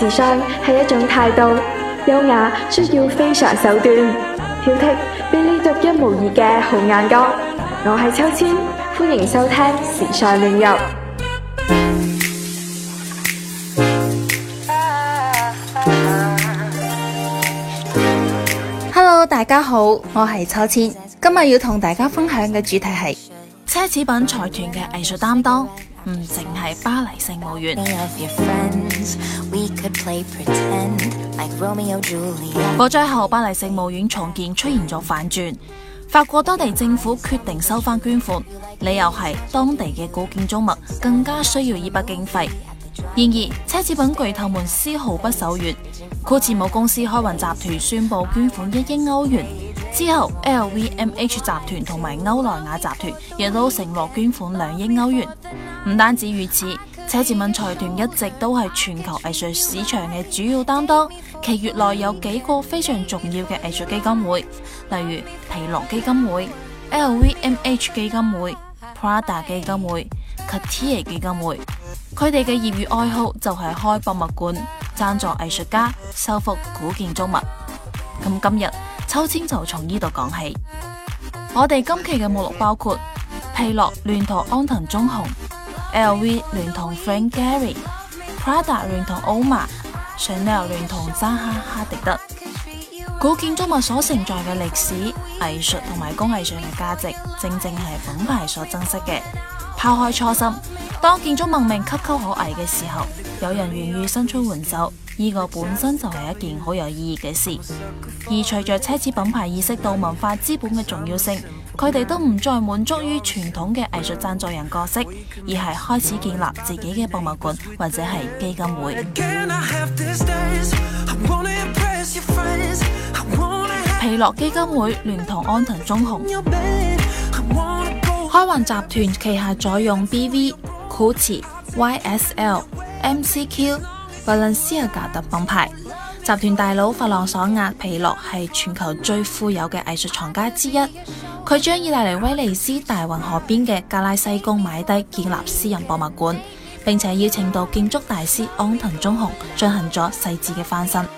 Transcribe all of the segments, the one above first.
時尚係一種態度，優雅需要非常手段，挑剔，俾你獨一無二嘅好眼光。我係秋千，歡迎收聽時尚亂入。Hello，大家好，我係秋千，今日要同大家分享嘅主題係奢侈品財團嘅藝術擔當。唔淨係巴黎聖母院火災後，巴黎聖母院重建出現咗反轉。法國多地政府決定收翻捐款，理由係當地嘅古建築物更加需要呢筆經費。然而，奢侈品巨頭們絲毫不手軟，Gucci 母公司開雲集團宣布捐款一億歐元之後，LVMH 集團同埋歐萊雅集團亦都承諾捐款兩億歐元。唔單止如此，奢侈品財團一直都係全球藝術市場嘅主要擔當。其業內有幾個非常重要嘅藝術基金會，例如皮諾基金會、LVMH 基金會、Prada 基金會及 Cartier 基金會。佢哋嘅業餘愛好就係開博物館、贊助藝術家、修復古建築物。咁今日秋千就從呢度講起。我哋今期嘅目錄包括皮諾、亂陀、安藤忠雄。L.V. 聯同 Frank Gehry，Prada 聯同 OMA，Chanel 聯同扎哈·哈迪德。古建築物所承載嘅歷史、藝術同埋工藝上嘅價值，正正係品牌所珍惜嘅。拋開初心，當建築文明岌岌可危嘅時候，有人願意伸出援手，呢、這個本身就係一件好有意義嘅事。而隨著奢侈品牌意識到文化資本嘅重要性，佢哋都唔再滿足於傳統嘅藝術贊助人角色，而係開始建立自己嘅博物館或者係基金會。 皮諾基金會聯同安藤忠雄、 開雲集團旗下坐擁 BV、Gucci、YSL、MCQ、Balenciaga 等品牌集團大佬法朗索瓦皮諾係全球最富有嘅藝術藏家之一。佢將意大利威尼斯大運河邊嘅格拉西宮買低，建立私人博物館，並且邀請到建築大師安藤忠雄進行咗細緻嘅翻新。二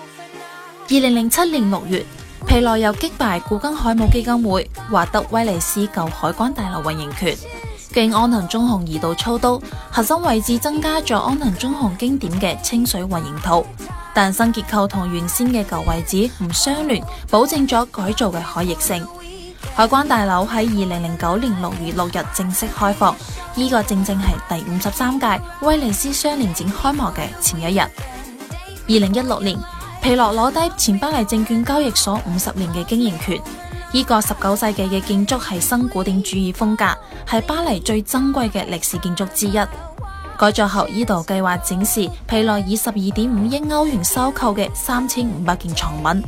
零零七年六月，皮諾又擊敗古根海姆基金會，獲得威尼斯舊海關大樓運營權，經安藤忠雄移到操刀，核心位置增加咗安藤忠雄經典嘅清水運營圖，但新結構同原先嘅舊位置唔相連，保證咗改造嘅可逆性。海關大樓喺二零零九年六月六日正式開放，呢個正正係第五十三屆威尼斯雙年展開幕嘅前一日。二零一六年，皮諾攞低前巴黎證券交易所五十年嘅經營權，呢個十九世紀嘅建築係新古典主義風格，係巴黎最珍貴嘅歷史建築之一。改造後，呢度計劃展示皮諾以十二點五億歐元收購嘅三千五百件藏品。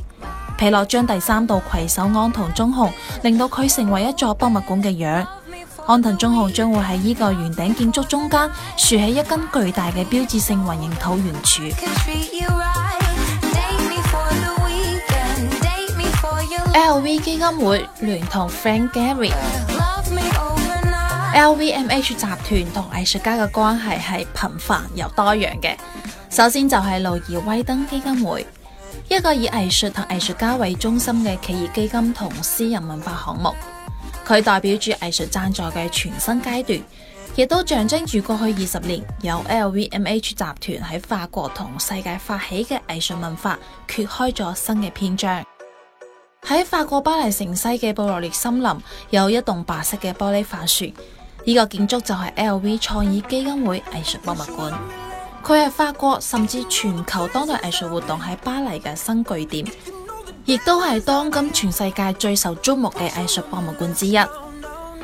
起落將第三度攜手安藤忠雄，令到佢成為一座博物館嘅樣。安藤忠雄將會喺呢個圓頂建築中間豎起一根巨大嘅標誌性混凝土圓柱。 L V 基金會聯同 Frank Gehry，L V M H 集團同藝術家嘅關係係頻繁又多樣嘅。首先就係路易威登基金會。一個以藝術同藝術家為中心嘅企業基金同私人文化項目，佢代表住藝術贊助嘅全新階段，亦都象徵住過去二十年由 LVMH 集團喺法國同世界發起嘅藝術文化揭開咗新嘅篇章。喺法國巴黎城西嘅布洛列森林，有一棟白色嘅玻璃帆船，呢個建築就係 LV 創意基金會藝術博物館。佢係法國甚至全球當代藝術活動喺巴黎嘅新據點，亦都係當今全世界最受矚目嘅藝術博物館之一。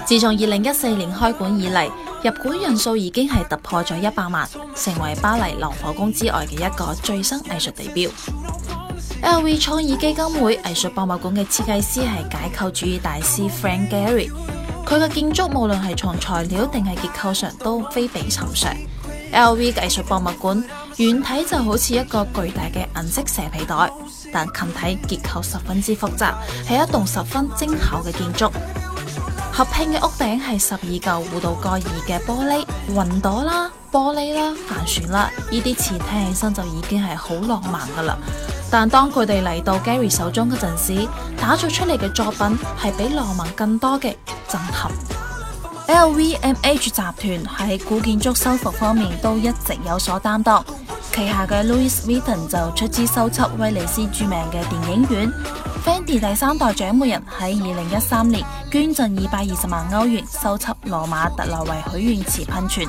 自從二零一四年開館以嚟，入館人數已經係突破咗一百萬，成為巴黎盧浮宮之外嘅一個最新藝術地標。LV 創意基金會藝術博物館嘅設計師係解構主義大師 Frank Gehry，佢嘅建築無論係從材料定係結構上都非比尋常。LV 藝術博物館遠睇就好似一個巨大嘅銀色蛇皮袋，但近睇結構十分之複雜，係一棟十分精巧嘅建築。合拼嘅屋頂係十二嚿弧度各異嘅玻璃、雲朵啦、玻璃啦、帆船啦，呢啲詞聽起身就已經係好浪漫噶啦。但當佢哋嚟到 Gehry 手中嗰陣時，打造出嚟嘅作品係比浪漫更多嘅震撼。LVMH 集團喺古建築修復方面都一直有所擔當，旗下嘅 Louis Vuitton 就出資修葺威尼斯著名嘅電影院。Fendi 第三代掌門人喺2013年捐贈220萬歐元修葺羅馬特雷維許願池噴泉。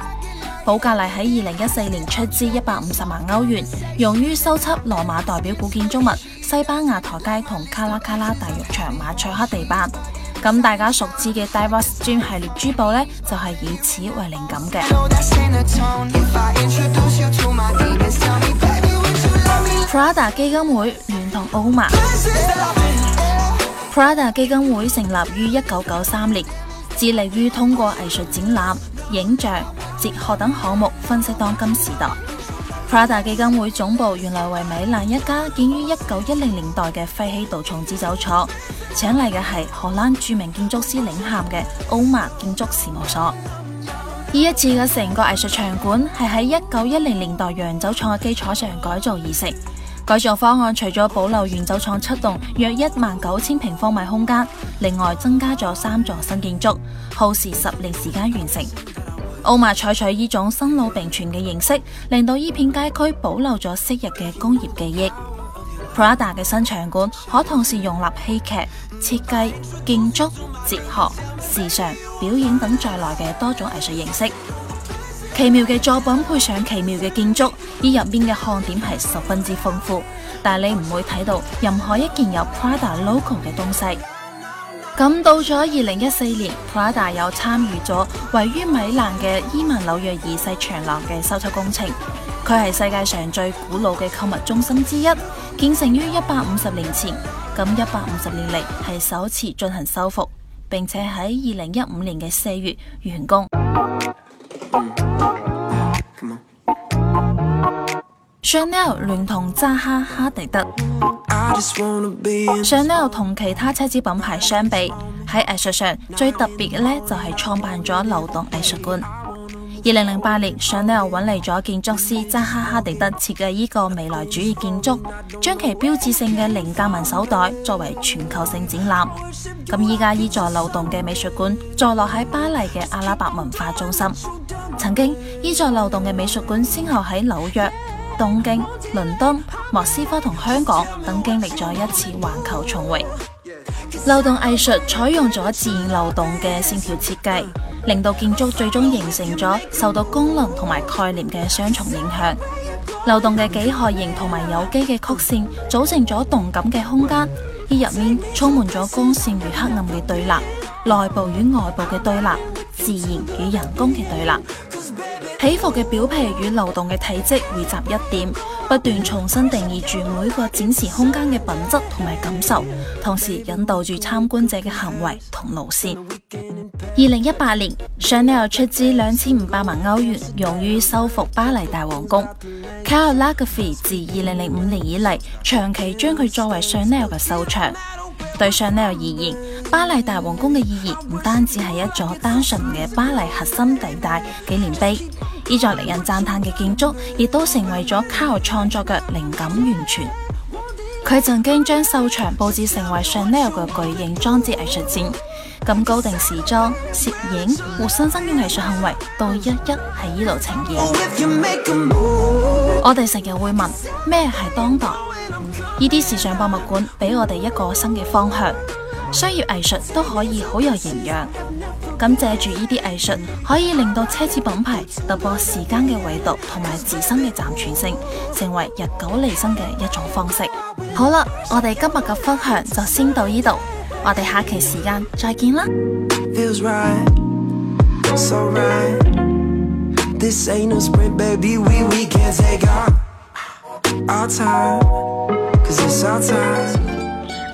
寶格麗喺2014年出資150萬歐元，用於修葺羅馬代表古建築物西班牙台階同卡拉卡拉大浴場馬賽克地板。咁大家熟知嘅 DiVersion 系列珠寶咧，就係以此為靈感嘅。Prada 基金會聯同 OMA。Prada 基金會成立於一九九三年，致力於通過藝術展覽、影像、哲學等項目分析當今時代。Prada 基金會總部原來為米蘭一家建於一九一零年代嘅廢棄杜松子酒廠，請嚟嘅係荷蘭著名建築師領銜嘅 OMA 建築事務所。呢一次嘅成個藝術場館係喺一九一零年代洋酒廠嘅基礎上改造而成。改造方案除咗保留原酒廠七棟約一萬九千平方米空間，另外增加咗三座新建築，耗時十年時間完成。奧瑪採取呢種新老並存嘅形式，令到呢片街區保留咗昔日嘅工業記憶。Prada 嘅新場館可同時容納戲劇、設計、建築、哲學、時尚、表演等在內嘅多種藝術形式。奇妙嘅作品配上奇妙嘅建築，依入面嘅看點係十分之豐富。但你唔會睇到任何一件有 Prada logo 嘅東西。咁到咗二零一四年，Prada 有參與咗位於米蘭嘅伊曼紐約二世長廊嘅修葺工程。佢係世界上最古老嘅購物中心之一，建成於一百五十年前。咁一百五十年嚟係首次進行修復，並且喺二零一五年嘅四月完工。Chanel 聯同扎哈哈迪德。Chanel 同其他奢侈品牌相比，喺藝術上最特別嘅呢就係創辦咗流動藝術館。二零零八年，Chanel 搵嚟咗建築師扎哈哈迪德設計呢個未來主義建築，將其標誌性嘅菱格紋手袋作為全球性展覽。咁依家呢座流動嘅美術館坐落喺巴黎嘅阿拉伯文化中心。曾經呢座流動嘅美術館先後喺紐約東京、倫敦、莫斯科同香港等經歷咗一次環球重圍。流動藝術採用咗自然流動嘅線條設計，令到建築最終形成咗受到功能同埋概念嘅雙重影響。流動嘅幾何形同埋有機嘅曲線組成咗動感嘅空間，而入面充滿咗光線與黑暗嘅對立，內部與外部嘅對立。自然與人工嘅對立，起伏嘅表皮與流動嘅體積匯集一點，不斷重新定義住每個展示空間嘅品質同埋感受，同時引導住參觀者嘅行為同路線。二零一八年，Chanel 出資兩千五百萬歐元用於修復巴黎大皇宮。卡爾拉格菲自二零零五年以嚟，長期將佢作為 Chanel 嘅秀場。對 Chanel 而言，巴黎大皇宮嘅意義唔單止係一座單純嘅巴黎核心地帶紀念碑，依座令人讚嘆嘅建築，亦都成為咗卡爾創作嘅靈感源泉。佢曾經將秀場佈置成為 Chanel 嘅巨型裝置藝術展，咁高定時裝、攝影、活生生嘅藝術行為，都一一喺呢度呈現。Oh, move, 我哋成日會問咩係當代？呢啲時尚博物館俾我哋一個新嘅方向，商業藝術都可以好有營養。咁借住呢啲藝術，可以令到奢侈品牌突破時間嘅維度同埋自身嘅暫存性，成為日久彌新嘅一種方式。好啦，我哋今日嘅分享就先到呢度，我哋下期時間再見啦。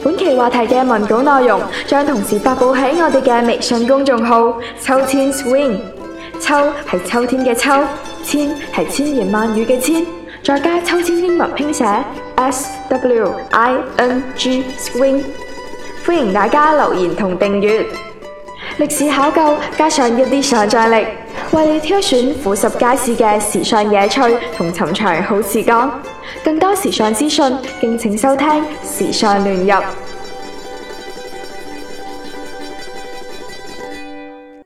本期話題嘅文稿內容將同時發布喺我哋嘅微信公眾號“秋千 swing”，秋係秋天嘅秋，千係千言萬語嘅千，再加秋千英文拼寫 S W I N G swing，歡迎大家留言同訂閱，歷史考究加上一啲想象力。為你挑選俯拾皆是嘅時尚野趣同尋常好時光，更多時尚資訊，敬請收聽《時尚亂入》。